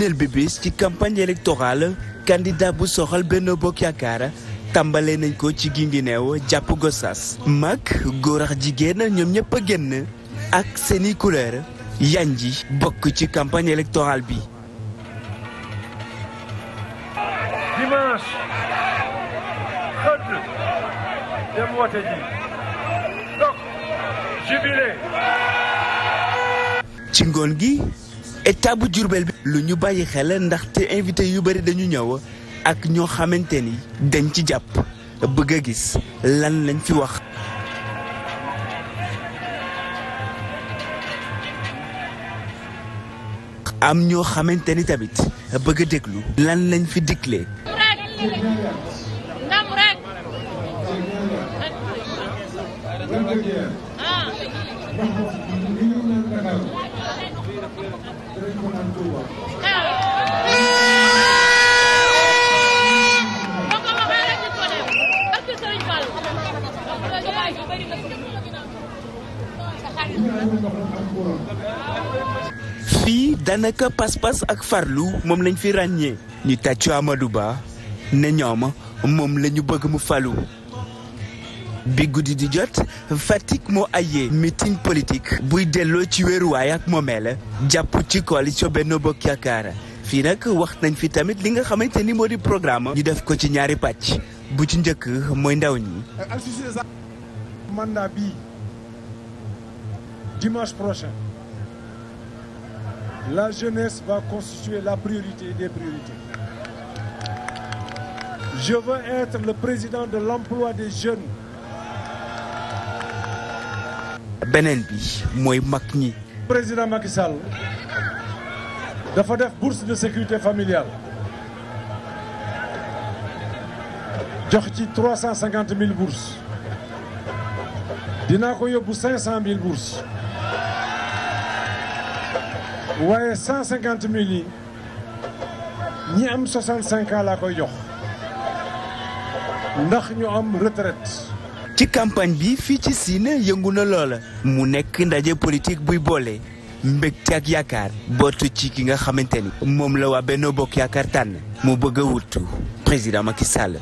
firndeel bi bis ci campagne électorale candidat bu soxal benn Bokk Yaakaar tàmbale nañ ko ci Guinguinéo jàpp Gossas mag góor ak jigéen ñoom ñëpp a génn ak seeni couleur yan ji bokk ci campagne électorale ngoon gi état bu Diourbel bi lu ñu bàyyi xel ndaxte invité yu bëri dañu ñëw ak ñoo xamante ni dañ ci jàpp bëgg a gis lan lañ fi wax am ñoo xamante ni tamit bëgg déglu lan lañ fi digle fii danaka pas-pas ak farlu moom lañu fi ràññee. ñu tàccu Amadou Ba ne ñoom moom la bëgg mu falu. bi guddi di jot Fatick moo ayee mitin politique buy delloo ci wéeruwaay ak moomeel jàpp ci coalition benn Bokk Yaakaar fii nag wax nañ fi tamit li nga xamante ni moo di programme ñu def ko ci ñaari pàcc bu ci njëkk mooy ndaw ñi mandat bi dimanche prochain la jeunesse va constituer la priorité des priorités de l'emploi des jeunes beneen bi mooy mag ñi. président Macky Sall dafa def bourse de sécurité familiale jox ci trois cent mille bourses dinaa ko yóbbu cinq cent mille bourses waaye cent cinquante mille yi ñi am soixante cinq ans laa koy jox ndax ñu am retraite. ci campagne bi fii ci Sine yëngu na loola mu nekk ndaje politique buy boole mbégte ak yaakaar bootu ci ki nga xamante ni moom la waa benn Bokk Yaakaar tànn mu bëgg a wutu président Macky Sall.